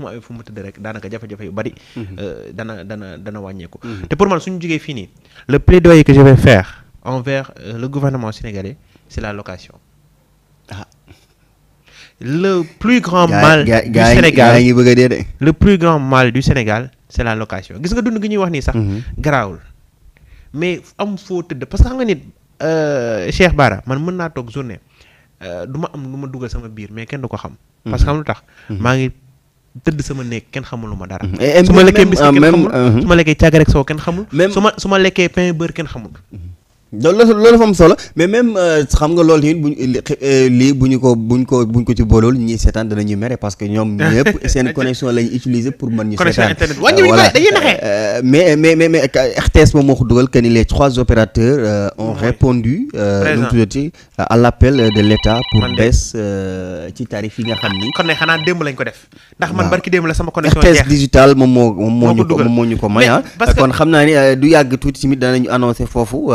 fu mu amee fu mu tëdd rek daanaka jafe-jafe yu bari. Mhm. Euh, dana dana dana wàññeeku. Mhm. te pour man suñu jugee fii nii le plaidoyer que je vais faire envers euh, le gouvernement sénégalais c'est la location. ah. le plus grand mal du Sénégal bëgg de. le plus grand mal du Sénégal c'est la location gis nga dund gi ñuy wax nii sax. Mhm. garaawul mais am foo tëdd parce que xam nga nit euh, Cheikh Bara man mën naa toog journée du ma am lu ma dugal sama biir mais kenn du ko xam. parce que xam lu tax maa ngi. tëdd sama néeg kenn xamuluma dara. Mm-hmm. Euh, euh, su ma lekkee biscuit kenn xamul su ma lekkee caga rek soo kenn xamul. même su ma su ma lekkee pain beurre kenn xamul. loolu la loolu fa am solo mais même euh, xam nga loolu tamit buñ euh, lii buñu ko buñ ko buñ ko ci boolool ñi seetaan danañu mere parce que ñoom ñëpp seen connexion lañu utiliser pour mën ñu seetaan euh, voilà mais mais mais mais RTS moom moo ko dugal que ni les trois opérateurs ont répondu lu mu tuddati à l'appel de l'État pour baisse ci tarif yi nga xam ni kon ne xanaa démb lañ ko def ndax man barki démb la sama connexion RTS digital moom moo moo ñu ko moom moo ñu ko may ah. kon xam naa ni du yàgg tuuti tamit danañu annoncé foofu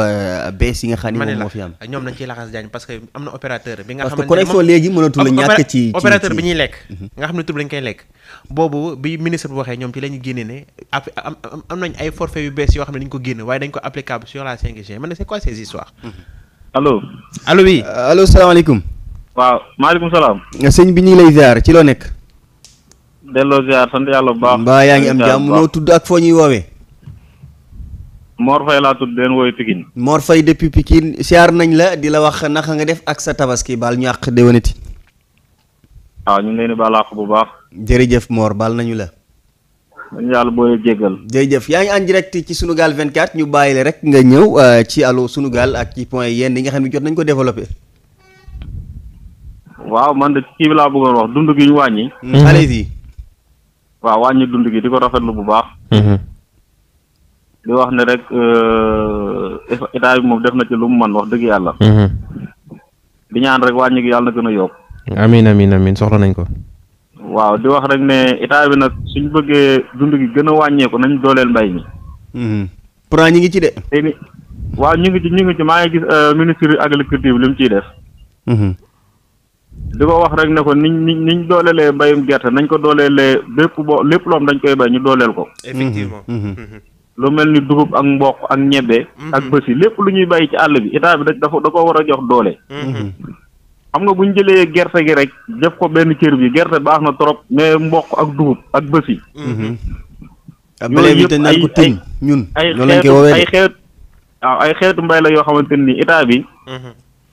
bees yi nga xam ne moom moo fi am ñoom nañ ciy laxas jaañ parce que am na opérateur bi nga parce que connexion léegi mënatu ñàkk ci opérateur bi ñuy lekk mhm. nga xam ne tur lañ koy lekk boobu bi ministre bi waxee ñoom ci la génne ne am am nañ ay forfait yu bees yoo xam ne dañ ko génne waaye dañ ko applicable sur la 5G man ne c'est quoi mhm. euh, bi ñu lay ziar ci loo nekk delloo yaa ngi am noo tudd ak foo ñuy woowee moor Faye laa tudd leen wooyu Pikine. Mor Faye depuis Pikine siyaar nañ la di la wax naka nga def ak sa tabaski baal ñu àq déwénati. waaw ah, ñu ngi leen di bu baax. jërëjëf Mor baal nañu la. dañu yàlla boole jéggal. yaa ngi en direct ci Sunugal 24 ñu bàyyi la rek nga ñëw euh, ci allo Sunugal ak ci point yenn yi nga xam ne jot nañ ko développé. waaw man de kii bi ñu wàññi. Hmm, allez waaw wàññi dund gi di ko rafetlu bu baax. Hmm, hmm. di wax ne rek euh, état bi moom def na ci lu mu man wax dëgg yàlla. Mhm. di ñaan rek wàññi gi yàlla na gën a yokk. amiin amiin amiin soxla nañ ko. waaw di wax rek ne état bi nag suñ bëggee dund gi gën a wàññeeku nañ dooleel mbay mi. pourtant mhm. ñi ngi ci de. tey waaw ñu ngi ci ñu ngi ci maa ngi gis euh, ministre agriculture bi li mu ciy def. Mhm. di ko wax rek ne ko niñ niñ niñ dooleelee mbayum gerte nañ ko dooleelee lépp boo lépp loom dañ koy bay ñu dooleel ko. lu mel ni dugub ak mboq ak ñebbe. Mhm. ak bësi lépp lu ñuy bàyyi ci àll bi état bi dafa da war a jox doole. Mhm. xam nga buñ jëlee gerte gi rek def ko benn cër bi gerte baax na trop mais mboq ak dugub ak bësi. Mhm. yooyu yëpp ay ay ay xeetu ay xeetu mbay la yoo xamante ni état bi.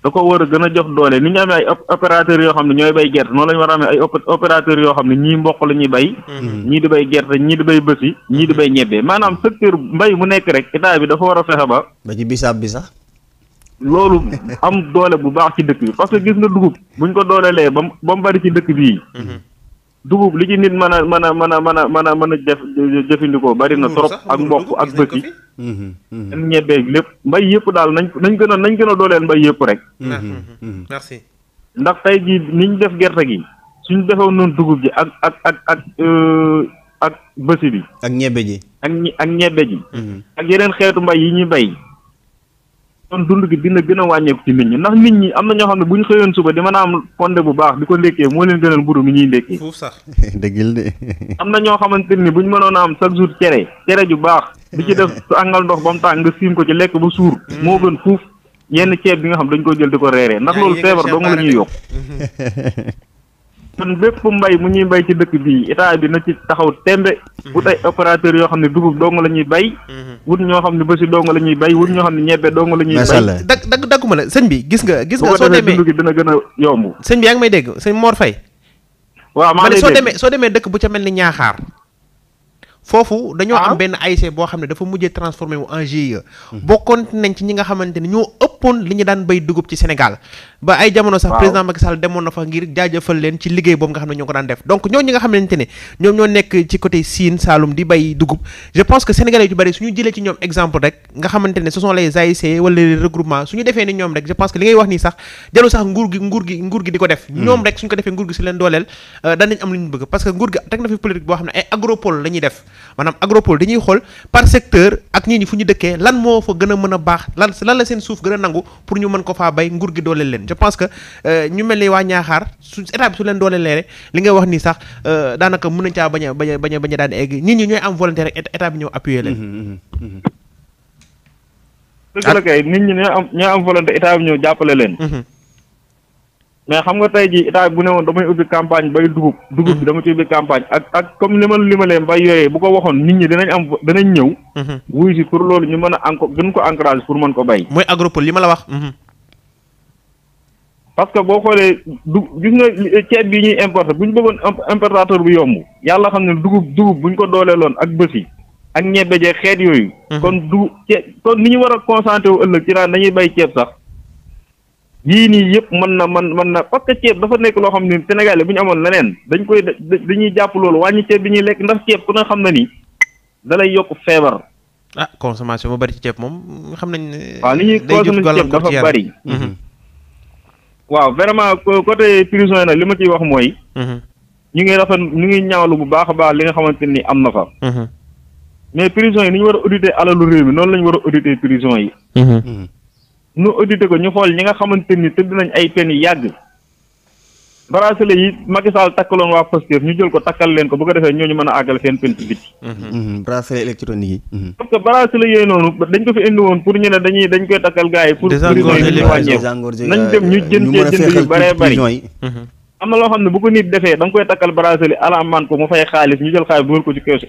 da ko war a gën a jox doole ni ñu amee ay opérateurs yoo xam ne ñooy bay gerte noonu la ñu war a amee ay opérateurs yoo xam ne ñii mboq la ñuy bay mm-hmm. ñii di bay gerte ñii di bay bësi ñii di mm-hmm. bay ñebbe maanaam secteur mbay mu nekk rek état bi dafa war a fexe ba ba ci bisaab bi sax loolu am doole bu baax ci dëkk bi parce que gis nga dugub buñ ko doolelee ba mu ba mu bari ci dëkk bii mm-hmm. dugub li ci nit mën a mën a mën a mën a mën a mën a jëf jëfandikoo bari na trop ak mboq ak bësi seen mm-hmm. mm-hmm. ñebeeg lépp mbay yëpp daal nañ nañ gën a nañ gën a dooleel mbay yëpp rek. Mm-hmm. merci. ndax tey jii niñ def gerte gi suñ defoon noonu dugub ji ak ak ak ak euh, ak bësi bi. ak ñebe ji. ak ñi ak ñebe ji. ak yeneen xeetu mbay yi ñuy bay. kon dund gi dina gën a wàññeeku ci nit ñi ndax nit ñi am na ñoo xam ne bu ñu xëyoon suba di mën a am fonde bu baax di ko ndékkee moo leen gënal mburu mi ñuy ndékkee foofu sax dëggil de am na ñoo xamante ni bu ñu mënoon a am chaque jour cere cere ju baax di ci def àngal ndox ba mu tàng nga siim ko ci lekk ba suur mm. moo gën fuuf yenn ceeb bi nga xam dañ ko jël di ko reeree ndax loolu feebar dong la ñuy yokk kon bépp mbay mu ñuy mbay ci dëkk bii état bi nag ci taxaw tembe wut ay opérateurs yoo xam ne dugub dong la ñuy bay mhm. wut ñoo xam ne bësi dong la ñuy bay wut ñoo xam ne ñebbe dong la ñuy bay dag dag dagguma la sëñ bi gis nga gis nga soo demee dund gi gën a yomb sëñ bi yaa ngi may dégg sëñ moor fay waa maa ngi lay dégg soo demee soo demee dëkk bu ca mel ni ñaaxaar foofu dañoo am ah. benn AIC boo xam ne dafa mujjee transformé wu en GIE. bokkoon nañ ci ñi nga xamante ni ñoo ëppoon li ñu daan béy dugub ci Sénégal. ba ay jamono sax président Macky Sall demoon na fa ngir jaajëfal leen ci liggéey boobu nga xam ne ñoo ko daan def donc ñoo ñi nga xamante ne ñoom ñoo nekk ci côté Sine Saloum di béy dugub. je pense que sénégalais yu bari su ñu jëlee ci ñoom exemple rek nga xamante ne ce sont les AIC wala les regroupements su ñu defee ni ñoom rek je pense que li ngay nii ko def. Hmm. ñoom rek suñ ko defee nguur gi si leen dooleel euh, ñuy def maanaam agropole dañuy xool par secteur ak ñii ñi fu ñu dëkkee lan moo fa gën a mën a baax lan lan la seen suuf gën a nangu pour ñu mën ko faa bay nguur gi dooleel leen je pense que euh, ñu mel ni waa ñaaxaar su état bi su leen dooleelee li ngay wax nii sax euh, daanaka mën nañ caa baña a bañ a bañ daan egg nit ñi ñooy am volonté rek état bi ñëw appuyer leen. Mm-hmm, mm-hmm, mm-hmm. dëgg la kay nit ñi ñooy am ñooy ñëw jàppale leen. mais xam nga tey jii état bu ne woon damay ubbi campagne bay dugub dugub bi mm-hmm. dama ci ubbi campagne ak ak comme li ma li ma leen bay yooyee bu ko waxoon nit ñi dinañ am danañ ñëw mm-hmm. wuy si pour loolu ñu mën a enco gën ko encourage pour man ko bay mooy agropole li ma la wax mm-hmm. parce que boo xoolee du gis ceeb bi ñuy importer bu ñu bëggoon importateur bu yomb yàlla xam ne dugub dugub bu ñu ko dooleeloon ak bësi ak ñebe jeeg xeet yooyu kon dugub ceeb kon ni ñu war a concentré wu ëllëg ci dañuy bay ceeb sax yii nii yëpp man na man man na parce que ceeb dafa nekk loo xam ne Sénégalais bu ñu amoon leneen dañ koy da dañuy jàpp loolu wàññi ceeb bi ñuy lekk ndax ceeb ku ne xam na ni da yokk feebar. ah consommation bu bari ci ceeb moom xam nañ ne. waaw li ñuy consommé ceeb dafa bari. Mhm. Mhm. waaw vraiment côté prison yi nag li ma ciy wax mooy. Mhm. ñu ngi rafet ñu ngi ñaawlu bu baax a baax li nga xamante ni am na fa. mais prison yi ni ñu war a auditer alalu réew mi noonu la war a auditer prison yi. nu audité ko ñu xool ñi nga xamante ni tëdd nañ ay peine yi yàgg bracelet yi Macky takkaloon waa Pastef ñu jël ko takkal leen ko bu ko defee ñooñu mën a àggal seen peine ci biti. Mm-hmm. bracelet électronique yi. Mm-hmm. parce que bracelet yooyu noonu dañ ko fi indi woon pour ñu ne dañuy dañ koy takkal gars yi. pour wàññeeku nañ euh, dem ñu jënd cee jënd yu bëree mm-hmm. am na loo xam ne bu ko nit defee da koy takkal bracelet alamaan ko mu fay xaalis ñu jël xaalis bu ko ci keesu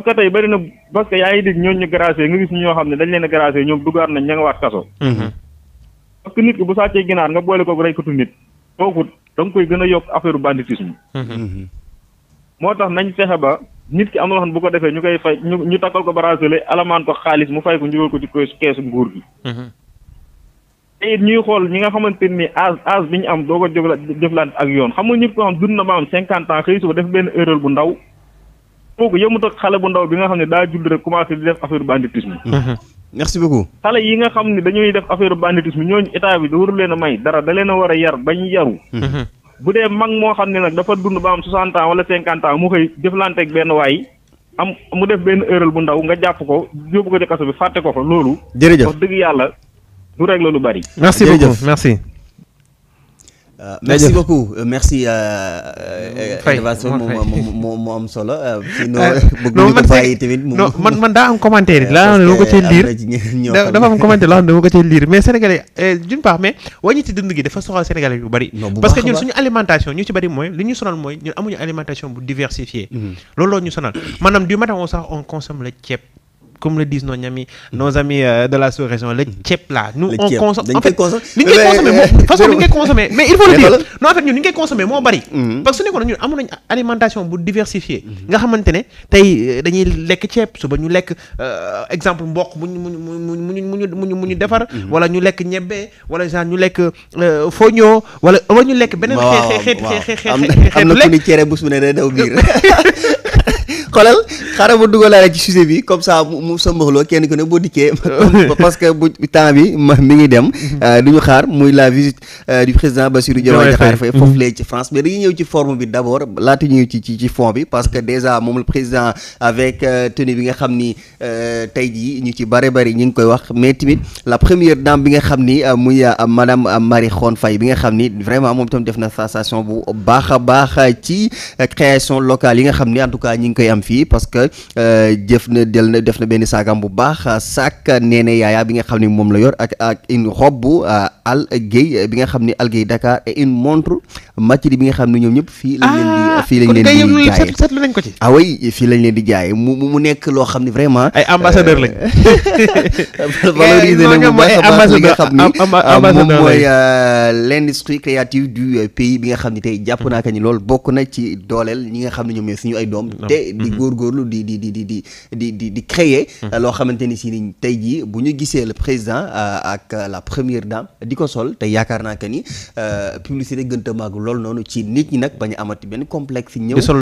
parce tey bëri na parce que yaa ngi dégg ñooñu ñu nga gis ñoo xam ne dañ leen a gracié ñoom duggaat nañ ña nga waat kaso. Mhm. parce nit ki bu sàccee ginaar nga boole ko rey ko tu nit kooku da nga koy gën a yokk affaire banditisme. Mhm. Mhm. moo tax nañ fexe ba nit ki am na loo xam bu ko defee ñu koy fay ñu ñu takkal ko bracelet alamaan ko xaalis mu fay ko njugal ko ci keesu nguur gi. te it ñuy xool ñi nga xamante ni âge âge bi ñu am doo ko jëflante ak yoon xam nga ñëpp ko xam dund na maam cinquante ans xëy benn erreur bu ndaw. kooku yëmut ak xale bu ndaw bi nga xam ne daa judd rek commencé di def affaire banditisme. merci beaucoup. xale yi nga xam ne dañuy def affaire banditisme ñooñu état bi da waru leen may dara da leen a war a yar bañ yaru. bu dee mag moo xam ne nag dafa dund ba am 60 ans wala 50 ans mu koy jëflanteeg benn waay am mu def benn erreur bu ndaw nga jàpp ko yóbbu ko ci kaso bi fàtte ko fa loolu. jërëjëf wax dëgg yàlla du la lu bari. merci beaucoup merci. Euh, merci beaucoup euh, merci. Euh, Faye moom moo am solo. sinon bëgguñu ko fay tamit. non man man daa am commentaire laa xam ne ma ko cee liir mais sénégalais d'une part mais wàññiti dund gi dafa soxal sénégalais yu bari. parce que ñun suñu alimentation ñu ci bari mooy li ñu sonal mooy ñun amuñu alimentation bu diversifiée. Mm-hmm. loolu ñu sonal maanaam du matin on consomme ceeb. comme le disent nos amis nos amis euh, de la sous-région le ceeb là. nous on consomme en fait li ñu façon bi ñu koy mais il faut le dire non en fait ñun li ñu koy consommer moo bari. Mm-hmm. parce que su nekkoon ñun amoon nañ alimentation bu diversifiée. Mm-hmm. nga xamante ne tey euh, dañuy lekk ceeb suba ñu lekk euh, exemple mboq mu ñu mu ñu mu ñu mu ñu mu ñu defar. Mm-hmm. wala ñu lekk ñebbe wala genre ñu lekk foño wala wala ñu lekk benn xeet xeet xeet xeet xeet xeet lekk am na ku ni cere bu su ne xoolal xaaral ma dugalaa rek ci sujet bi comme saa mu sa mbaxloo kenn ku ne boo dikkee parce que bu temps bi ma mi ngi dem euh, du ñu xaar muy la visite euh, du président Bassirou Diomaye Diakhar Faye foofu mhm. lee ci France mais dañuy ñëw ci forme bi d'abord laata ñu ñëw ci ci ci fond bi parce que déjà moom le président avec euh, tenue bi nga xam ni tey jii ñu ci bare bari ñu ngi koy wax mais tamit la première dame bi nga xam ni muy a madame Marie Khone Faye bi nga xam ni vraiment moom itam def na sensation bu baax a baax ci création locale yi nga xam ni ngi koy am fii parce que euh, jëf na del na def na benn saagam bu baax sac nee na yaaya bi nga xam ni moom la yor ak ak une robe bu euh, al Guèye bi nga xam ni al Guèye Dakar et une montre matériel bi nga xam ne ñoom ñëpp fii lañ ah, fii lañ leen di jaayee seetlu ah fii lañ leen di jaayee mu mu nekk loo xam ne vraiment ay ambassadeur lañ euh, eh, valoriser a li nga xam ni moom mooy l'industrie créative du pays bi nga xam ne tey jàpp naa que lool bokk na ci dooleel ñi nga xam ne ñoom ñooy suñu ay doom mm-hmm. te góorgóorlu di di di di di di di di créer mhm. loo xamante ni si ni tey jii bu ñu gisee le président euh, ak la première dame di ko sol te yaakaar naa que ni euh, publicité gënta màgg noonu ci nit ñi nag bañu amati benn complexe ñëw